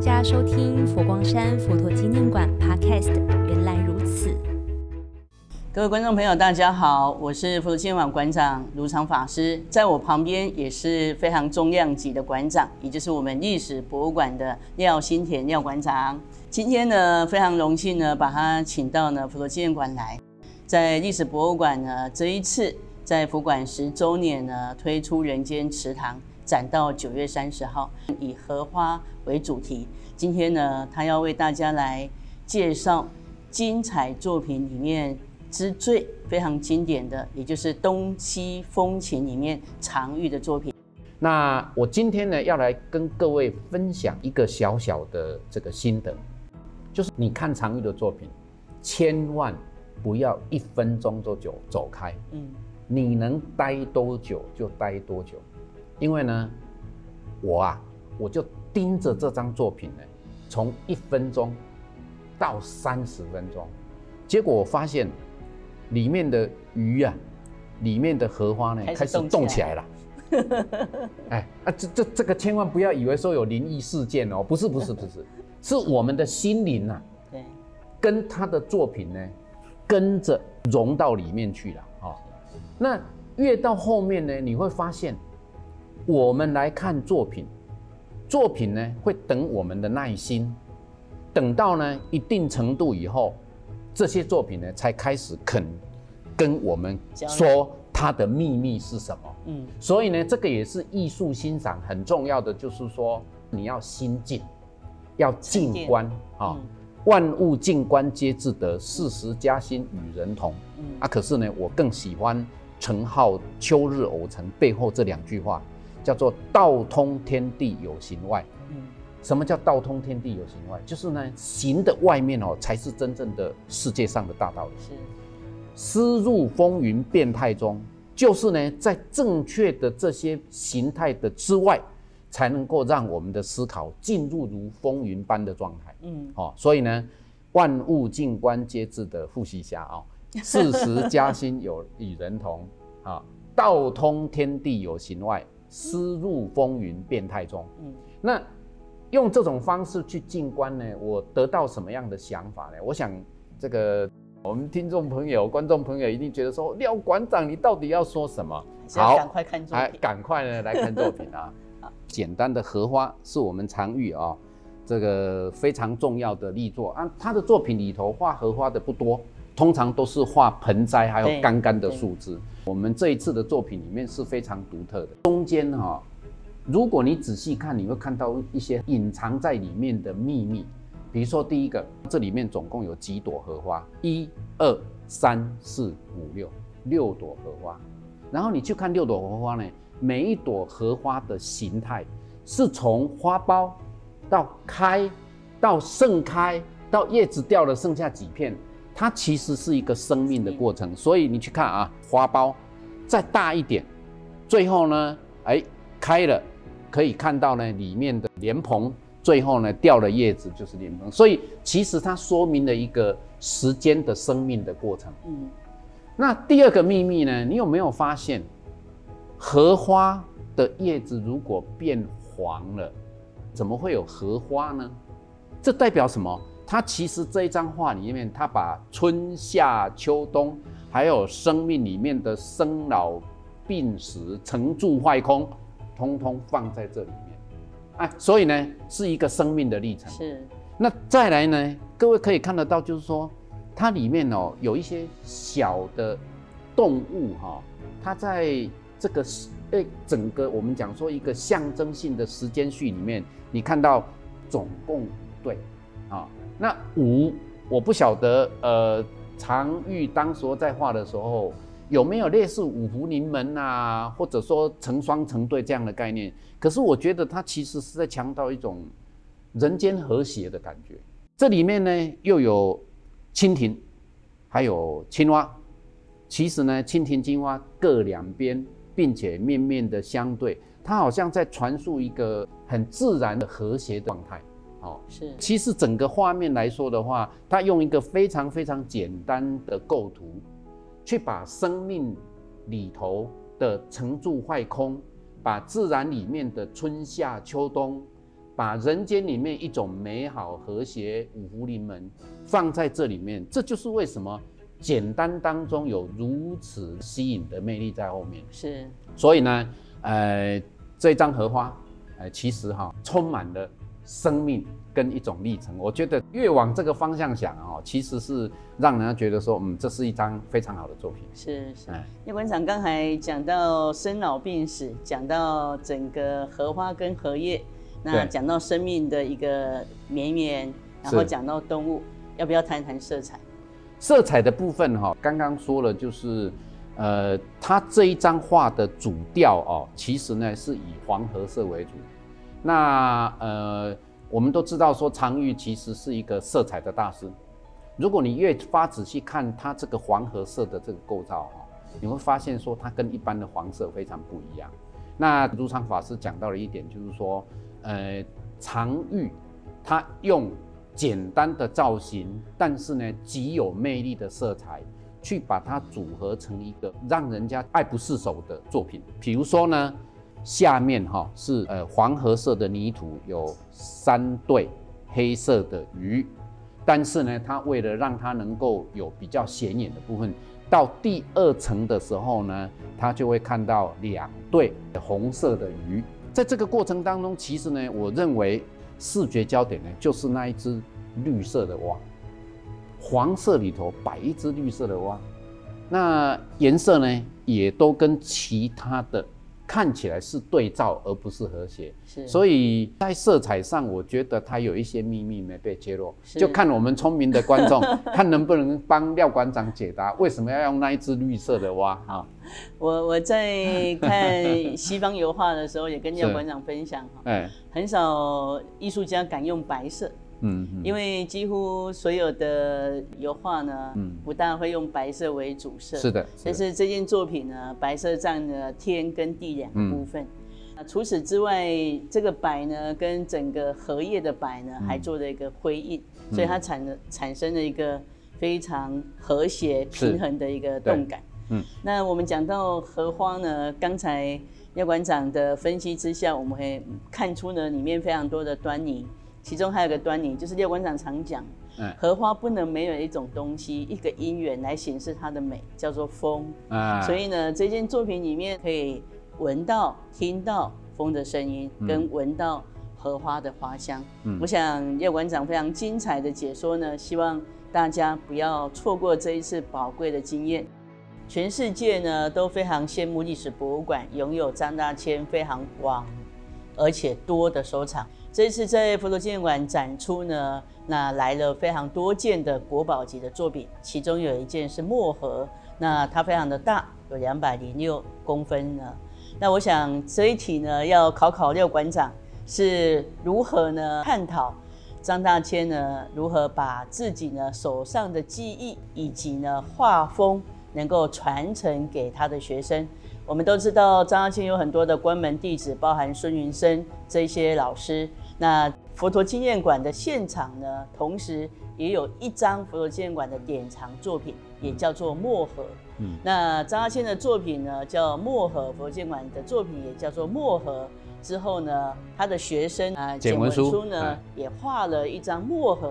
家收聽佛光山佛陀紀念館 Podcast，原來如此。各位觀眾朋友，大家好，我是佛陀紀念館館長如常法師，在我旁邊也是非常重量級的館長，也就是我們歷史博物館的廖新田廖館長。今天呢，非常榮幸呢，把他請到呢佛陀紀念館來，在歷史博物館呢，這一次在佛館十周年呢，推出人間池塘。展到九月三十號，以荷花為主題。今天呢，他要為大家來介紹精彩作品裡面之最非常經典的，也就是《東西風情》裡面常玉的作品。那我今天呢，要來跟各位分享一個小小的這個心得，就是你看常玉的作品，千萬不要一分鐘多久走開，嗯，你能待多久就待多久。因為呢，我啊，我就盯着這張作品呢，從一分鐘到三十分鐘，結果我發現裡面的魚啊，裡面的荷花呢，開始動起來了。來了 哎，啊，這這這個千萬不要以為說有靈異事件哦，不是不是不是， 是我們的心靈吶，對，跟他的作品呢，跟着融到裡面去了啊，哦，那越到後面呢，你會發現。我們來看作品，作品呢會等我們的耐心，等到呢一定程度以後，這些作品呢才開始肯跟我們說它的秘密是什麼。嗯，所以呢、嗯、這個也是藝術欣賞很重要的，就是說你要心靜，要靜觀啊、嗯，萬物靜觀皆自得，四時佳興與人同。嗯。啊，可是呢我更喜歡程顥《秋日偶成》背後這兩句話。叫做道通天地有形外，嗯，什麼叫道通天地有形外？就是呢，形的外面哦，才是真正的世界上的大道理。是，思入風雲變態中，就是呢，在正確的這些形態的之外，才能夠讓我們的思考進入如風雲般的狀態。嗯，哦，所以呢，萬物靜觀皆自得。複習一下啊，四時佳興有與人同啊、 哦，道通天地有形外。私入風雲變態中，嗯，那用這種方式去靜觀呢，我得到什麼樣的想法呢？我想，這個我們聽眾朋友、觀眾朋友一定覺得說，廖館長你到底要說什麼？好，趕快看作品，趕快呢來看作品啊！ 簡單的荷花是我們常玉啊、哦，這個非常重要的力作啊，他的作品裡頭畫荷花的不多。通常都是畫盆栽，還有乾乾的樹枝。我們這一次的作品裡面是非常獨特的。中間哈，如果你仔細看，你會看到一些隱藏在裡面的秘密。比如說，第一個，這裡面總共有幾朵荷花？一、二、三、四、五、六，六朵荷花。然後你去看六朵荷花呢，每一朵荷花的形態是從花苞到開，到盛開，到葉子掉了，剩下幾片。它其實是一個生命的過程，所以你去看啊，花苞再大一點，最後呢，哎，開了，可以看到呢，裡面的蓮蓬，最後呢，掉了葉子就是蓮蓬，所以其實它說明了一個時間的生命的過程。嗯。那第二個秘密呢，你有沒有發現荷花的葉子如果變黃了，怎麼會有荷花呢？這代表什麼？他其實這一張畫裡面，他把春夏秋冬，還有生命裡面的生老病死、成住壞空，通通放在這裡面，哎，所以呢，是一個生命的歷程。是。那再來呢，各位可以看得到，就是說，它裡面哦有一些小的動物哈、哦，它在這個哎整個我們講說一個象徵性的時間序裡面，你看到總共五對。那五，我不曉得，呃，常玉當時候在畫的時候有沒有類似五福臨門啊，或者說成雙成對這樣的概念？可是我覺得它其實是在強調一種人間和諧的感覺。這裡面呢，又有蜻蜓，還有青蛙。其實呢，蜻蜓、青蛙各兩邊，並且面面的相對，它好像在傳輸一個很自然的和諧的狀態。好是，其實整個畫面來說的話，他用一個非常非常簡單的構圖，去把生命裡頭的成住壞空，把自然裡面的春夏秋冬，把人間裡面一種美好和諧五福臨門放在這裡面，這就是為什麼簡單當中有如此吸引的魅力在後面。是，所以呢，呃，這張荷花，呃，其實哈、哦，充滿了。生命跟一種歷程，我覺得越往這個方向想哦，其實是讓人家覺得說，嗯，這是一張非常好的作品。是是。葉館長剛才講到生老病死，講到整個荷花跟荷葉，那講到生命的一個綿延，然後講到動物，要不要談一談色彩？色彩的部分哈、哦，剛剛說了就是，呃，他這一張畫的主調哦，其實呢是以黃河色為主。那呃，我們都知道說常玉其實是一個色彩的大師。如果你越發仔細看它這個黃褐色的這個構造哈，你會發現說它跟一般的黃色非常不一樣。那如常法師講到了一點，就是說，呃，常玉它用簡單的造型，但是呢極有魅力的色彩，去把它組合成一個讓人家愛不釋手的作品。比如說呢。下面哈是呃黃褐色的泥土，有三對黑色的魚，但是呢，它為了讓它能夠有比較顯眼的部分，到第二層的時候呢，它就會看到兩對紅色的魚。在這個過程當中，其實呢，我認為視覺焦點呢就是那一隻綠色的蛙，黃色裡頭擺一隻綠色的蛙，那顏色呢也都跟其他的。看起來是對照而不是和諧，所以在色彩上，我覺得它有一些秘密沒被揭露，就看我們聰明的觀眾， 看能不能幫廖館長解答為什麼要用那一隻綠色的蛙。我我在看西方油畫的時候，也跟廖館長分享哎， 很少藝術家敢用白色。嗯，因為幾乎所有的油畫呢，嗯，不大會用白色為主色，是的。是的。但是這件作品呢，白色占了天跟地兩部分。嗯。除此之外，這個白呢，跟整個荷葉的白呢，還做了一個呼應，嗯。所以它產產生了一個非常和諧平衡的一個動感。嗯，那我們講到荷花呢，剛才廖館長的分析之下，我們會看出呢，裡面非常多的端倪。其中還有個端倪，就是廖館長常講、哎，荷花不能沒有一種東西，一個因緣來顯示它的美，叫做風。啊，所以呢，這件作品裡面可以聞到、聽到風的聲音，跟聞到荷花的花香。嗯、我想廖館長非常精彩的解說呢，希望大家不要錯過這一次寶貴的經驗。全世界呢都非常羨慕歷史博物館擁有張大千非常廣而且多的收藏。這次在佛陀紀念館展出呢，那來了非常多件的國寶級的作品，其中有一件是墨荷，那它非常的大，有兩百零六公分呢。那我想這一題呢，要考考廖館長是如何呢，探討張大千呢，如何把自己呢，手上的技藝以及呢，畫風能夠傳承給他的學生。我們都知道張大千有很多的關門弟子，包含孫雲生這些老師。那佛陀紀念館的現場呢，同時也有一張佛陀紀念館的典藏作品，也叫做《墨荷》。嗯，那張大千的作品呢，叫《墨荷》，佛陀紀念館的作品也叫做《墨荷》。之後呢，他的學生啊，簡文書、呃、文書呢，嗯、也畫了一張《墨荷》。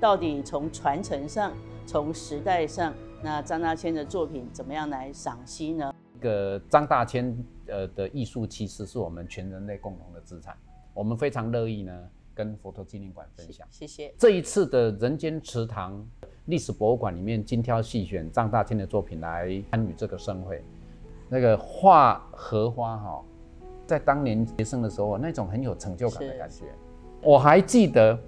到底從傳承上，從時代上，那張大千的作品怎麼樣來賞析呢？個張大千呃的藝術，其實是我們全人類共同的資產。我們非常樂意呢，跟佛陀紀念館分享。謝謝。這一次的人間池塘歷史博物館裡面，精挑細選張大千的作品來參與這個盛會。那個畫荷花哈、哦，在當年學生的時候，那種很有成就感的感覺。我還記得。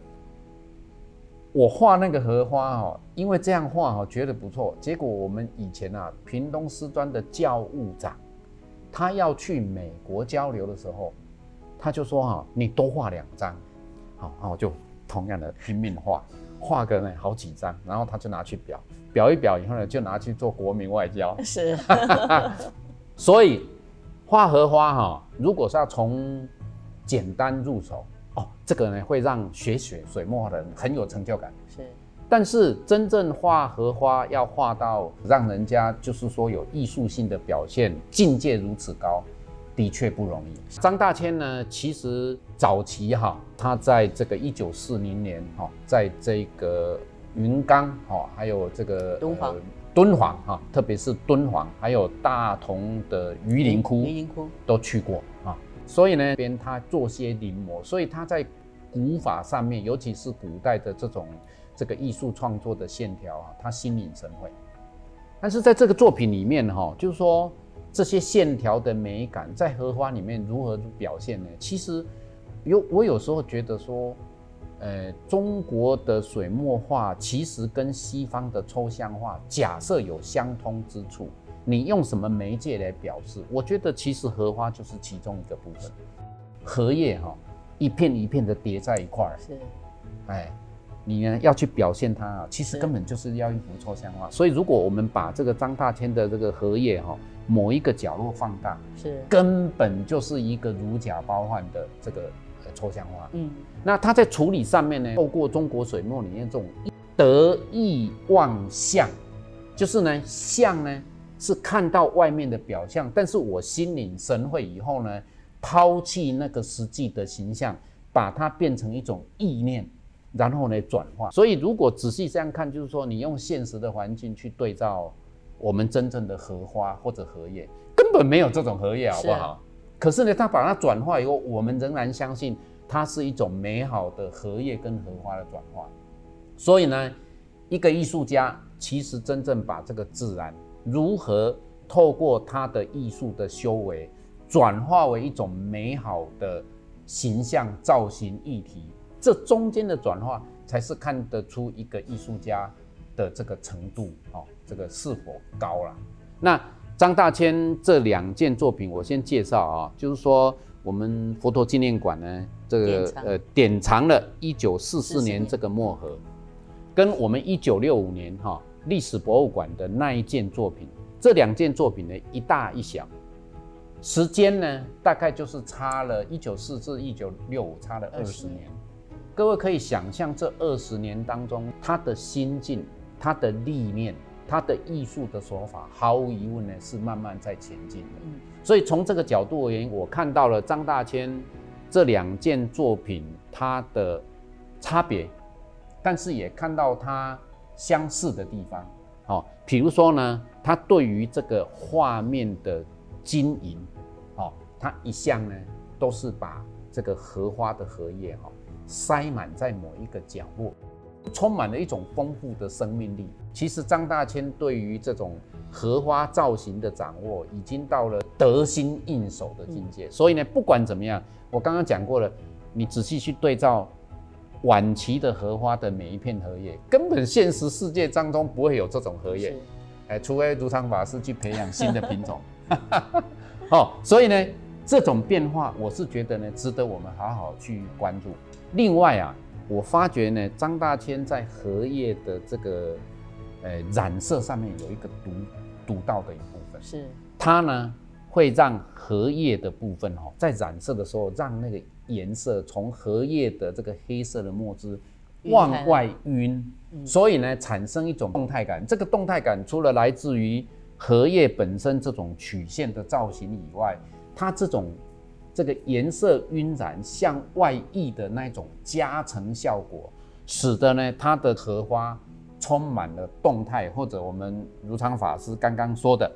我畫那個荷花哈，因為這樣畫哈，覺得不錯。結果我們以前啊，屏東師專的教務長，他要去美國交流的時候，他就說哈，你多畫兩張，好，那我就同樣的拼命畫，畫個呢好幾張，然後他就拿去裱，裱一裱以後呢，就拿去做國民外交。是， 所以畫荷花哈，如果是要從簡單入手。這個呢會讓學學水墨的人很有成就感，是。但是真正畫荷花要畫到讓人家就是說有藝術性的表現境界如此高，的確不容易。張大千呢，其實早期哈，他在這個一九四零年哈，在這個雲岡哈，還有這個敦煌，呃、敦煌哈，特別是敦煌，還有大同的榆林窟，榆林，林，林窟都去過啊。所以呢，邊他做些臨摹，所以他在。古法上面，尤其是古代的這種這個藝術創作的線條啊，它心領神會。但是在這個作品裡面哈、哦，就是說這些線條的美感在荷花裡面如何表現呢？其實有我有時候覺得說，呃，中國的水墨畫其實跟西方的抽象畫假設有相通之處。你用什麼媒介來表示？我覺得其實荷花就是其中一個部分，荷葉哈。哦一片一片的疊在一塊兒，是，哎，你呢要去表現它啊，其實根本就是要一幅抽象畫。所以，如果我們把這個張大千的這個荷葉哈，某一個角落放大，是，根本就是一個如假包換的這個抽象畫。嗯，那它在處理上面呢，透過中國水墨裡面這種得意忘象，就是呢象，呢是看到外面的表象，但是我心領神會以後呢。拋棄那個實際的形象，把它變成一種意念，然後呢轉化。所以如果仔細這樣看，就是說你用現實的環境去對照我們真正的荷花或者荷葉，根本沒有這種荷葉，好不好？可是呢，他把它轉化以後，我們仍然相信它是一種美好的荷葉跟荷花的轉化。所以呢，一個藝術家其實真正把這個自然如何透過他的藝術的修為。轉化為一種美好的形象造型議題，這中間的轉化才是看得出一個藝術家的這個程度哦，這個是否高了？那張大千這兩件作品，我先介紹啊，就是說我們佛陀紀念館呢，這個呃典藏了一九四四年這個墨荷，跟我們一九六五年哈歷史博物館的那一件作品，這兩件作品呢一大一小。時間呢，大概就是差了194至1965，差了二十年、年。各位可以想象，這二十年當中，他的心境、他的歷練、他的藝術的手法，毫無疑問呢是慢慢在前進的，嗯。所以從這個角度而言，我看到了張大千這兩件作品他的差別，但是也看到他相似的地方。哦，比如說呢，他對於這個畫面的。金銀，哦，它一向呢都是把這個荷花的荷葉、哦、塞滿在某一個角落，充滿了一種豐富的生命力。其實張大千對於這種荷花造型的掌握，已經到了得心應手的境界。嗯、所以呢，不管怎麼樣，我剛剛講過了，你仔細去對照晚期的荷花的每一片荷葉，根本現實世界當中不會有這種荷葉、欸，除非如常法師去培養新的品種。 哦，所以呢，這種變化我是覺得呢，值得我們好好去關注。另外啊，我發覺呢，張大千在荷葉的這個、呃、染色上面有一個獨獨到的一部分，是它呢會讓荷葉的部分哦，在染色的時候讓那個顏色從荷葉的這個黑色的墨汁往外暈，所以呢產生一種動態感。這個動態感除了來自於荷葉本身這種曲線的造型以外，它這種這個顏色暈染向外溢的那種加成效果，使得呢它的荷花充滿了動態，或者我們如常法師剛剛說的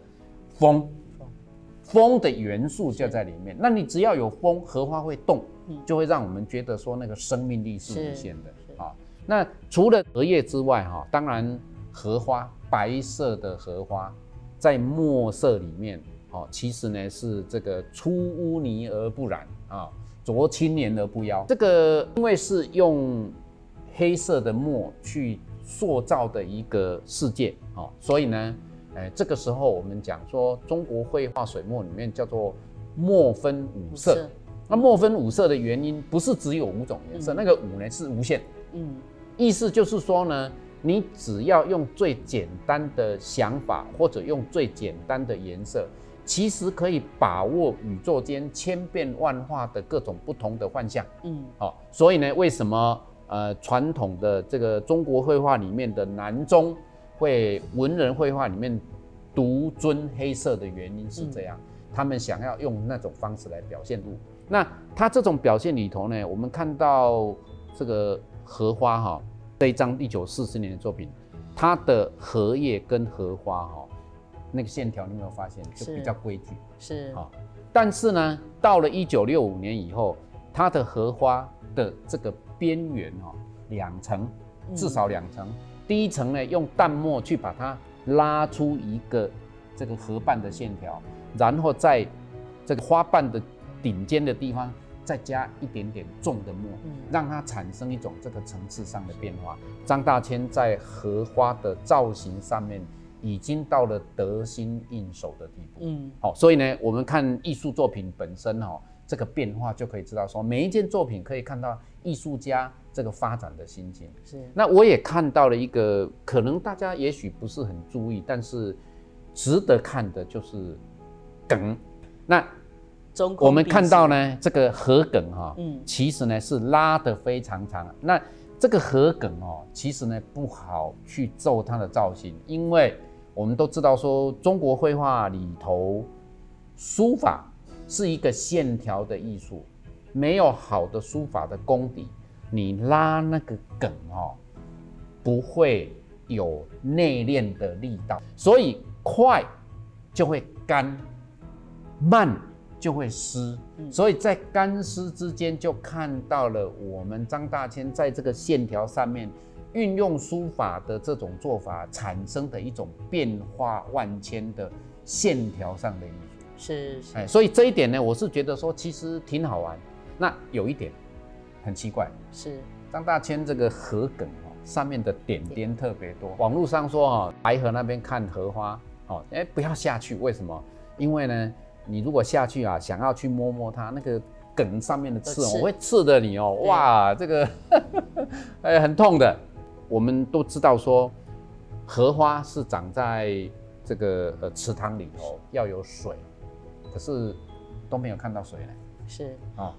風，風的元素就在裡面。那你只要有風，荷花會動，就會讓我們覺得說那個生命力是無限的啊、哦。那除了荷葉之外哈、哦，當然荷花，白色的荷花。在墨色裡面，哦，其實呢是這個出污泥而不染啊，哦、濯清漣而不妖。這個因為是用黑色的墨去塑造的一個世界，哦，所以呢，哎、欸，這個時候我們講說中國繪畫水墨裡面叫做墨分五色。五色。那墨分五色的原因不是只有五種顏色、嗯，那個五呢是無限、嗯。意思就是說呢。你只要用最簡單的想法，或者用最簡單的顏色，其實可以把握宇宙間千變萬化的各種不同的幻象。嗯、好、哦，所以呢，為什麼呃傳統的這個中國繪畫裡面的南宗會文人繪畫裡面獨尊黑色的原因是這樣、嗯，他們想要用那種方式來表現物。那他這種表現裡頭呢，我們看到這個荷花哈、哦。這一張一九四四年的作品，它的荷葉跟荷花哈、哦，那個線條你有沒有發現就比較規矩？是。好、哦，但是呢，到了一九六五年以後，它的荷花的這個邊緣哈、哦，兩層，至少兩層。嗯、第一層呢，用淡墨去把它拉出一個這個荷瓣的線條，然後在這個花瓣的頂尖的地方。再加一點點重的墨，嗯，讓它產生一種這個層次上的變化的。張大千在荷花的造型上面已經到了得心應手的地步，嗯，好，哦，所以呢，我們看藝術作品本身哦，這個變化就可以知道，說每一件作品可以看到藝術家這個發展的心情。是，那我也看到了一個可能大家也許不是很注意，但是值得看的就是梗，那。中我們看到呢，這個荷梗哈、喔，嗯，其實呢是拉得非常長。那這個荷梗哦、喔，其實呢不好去做它的造型，因為我們都知道說，中國繪畫裡頭，書法是一個線條的藝術，沒有好的書法的功底，你拉那個梗哦、喔，不會有內斂的力道，所以快就會乾，慢。就會濕、嗯，所以在乾濕之間就看到了我們張大千在這個線條上面運用書法的這種做法產生的一種變化萬千的線條上的藝術。是、是、哎，所以這一點呢，我是覺得說其實挺好玩。那有一點很奇怪，是張大千這個荷梗哦上面的點點特別多。網絡上說哦，白河那邊看荷花哦，哎不要下去，為什麼？因為呢。你如果下去啊，想要去摸摸它那個梗上面的刺，刺，我會刺的你哦！哇，這個哎、欸、很痛的。我們都知道說，荷花是長在這個呃池塘裡頭、哦、要有水，可是都沒有看到水呢。是啊，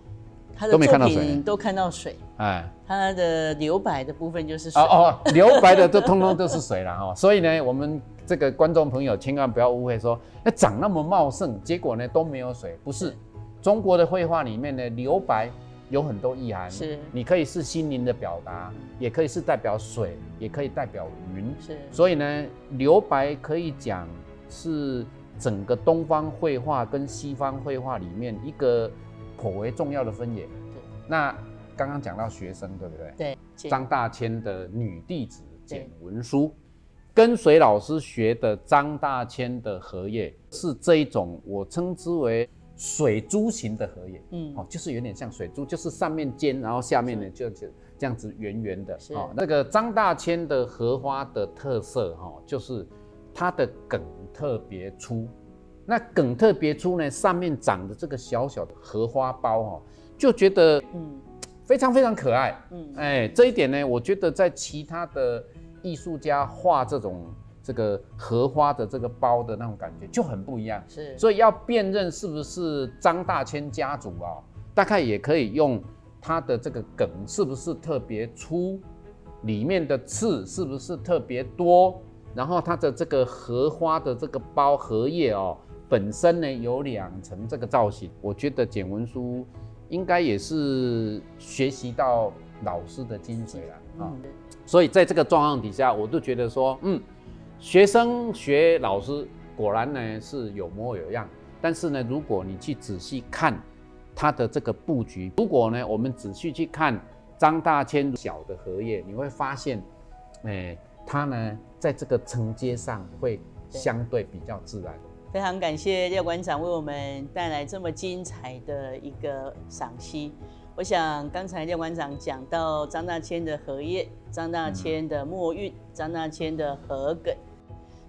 它的都沒有看到水，都看到水，哎，它，它的留白的部分就是水哦哦，留白的都 通通都是水了哦，所以呢，我們。這個觀眾朋友千萬不要誤會說，說那長那麼茂盛，結果呢都沒有水，不是，是。中國的繪畫裡面呢，留白有很多意涵，是，你可以是心靈的表達，也可以是代表水，也可以代表雲，是。所以呢，留白可以講是整個東方繪畫跟西方繪畫裡面一個頗為重要的分野。對。那剛剛講到學生對不對？對。張大千的女弟子簡文書。跟隨老師學的張大千的荷葉是這一種，我稱之為水珠型的荷葉。嗯，哦，就是有點像水珠，就是上面尖，然後下面呢就是這樣子圓圓的是。哦，那個張大千的荷花的特色，哈、哦，就是它的梗特別粗。那梗特別粗呢，上面長的這個小小的荷花苞，哦，就覺得嗯，非常非常可愛。嗯，哎、欸嗯，這一點呢、嗯，我覺得在其他的。藝術家畫這種這個荷花的這個包的那種感覺就很不一樣，是，所以要辨認是不是張大千家族啊、哦，大概也可以用它的這個梗是不是特別粗，裡面的刺是不是特別多，然後它的這個荷花的這個包荷葉哦，本身呢有兩層這個造型，我覺得簡文書應該也是學習到老師的精髓了啊。嗯啊嗯所以在這個狀況底下，我都覺得說，嗯，學生學老師果然呢是有模有樣。但是呢，如果你去仔細看它的這個布局，如果呢我們仔細去看張大千小的荷葉，你會發現，哎、呃，它呢在這個承接上會相對比較自然。非常感謝廖館長為我們帶來這麼精彩的一個賞析。我想剛才廖館長講到張大千的荷葉、張大千的墨韻、張大千的荷梗。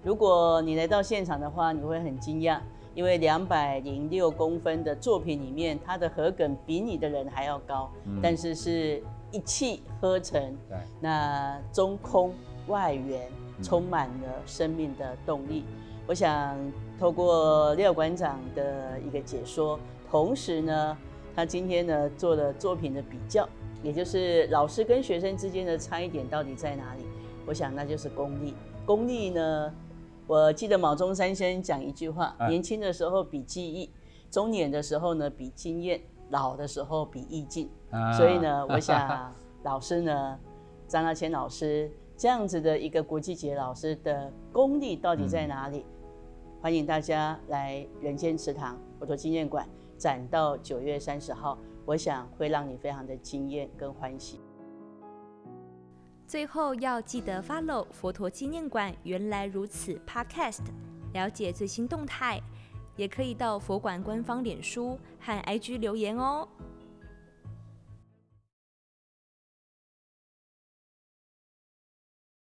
如果你來到現場的話，你會很驚訝，因為兩百零六公分的作品裡面，他的荷梗比你的人還要高，嗯、但是是一氣呵成。對，那中空外圓，充滿了生命的動力。嗯、我想透過廖館長的一個解說，同時呢。他今天呢做的作品的比較，也就是老師跟學生之間的差異點到底在哪裡？我想那就是功力。功力呢，我記得毛中山先生講一句話：啊、年輕的時候比技藝，中年的時候呢比經驗，老的時候比意境、啊。所以呢，我想老師呢，張大千老師這樣子的一個國際級老師的功力到底在哪裡、嗯？歡迎大家來人間池塘佛陀紀念館。展到九月三十號，我想會讓你非常的驚艷跟歡喜。最後要記得 follow 佛陀紀念館原來如此 Podcast，了解最新動態，也可以到佛館官方臉書和 IG 留言哦。